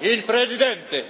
Il Presidente.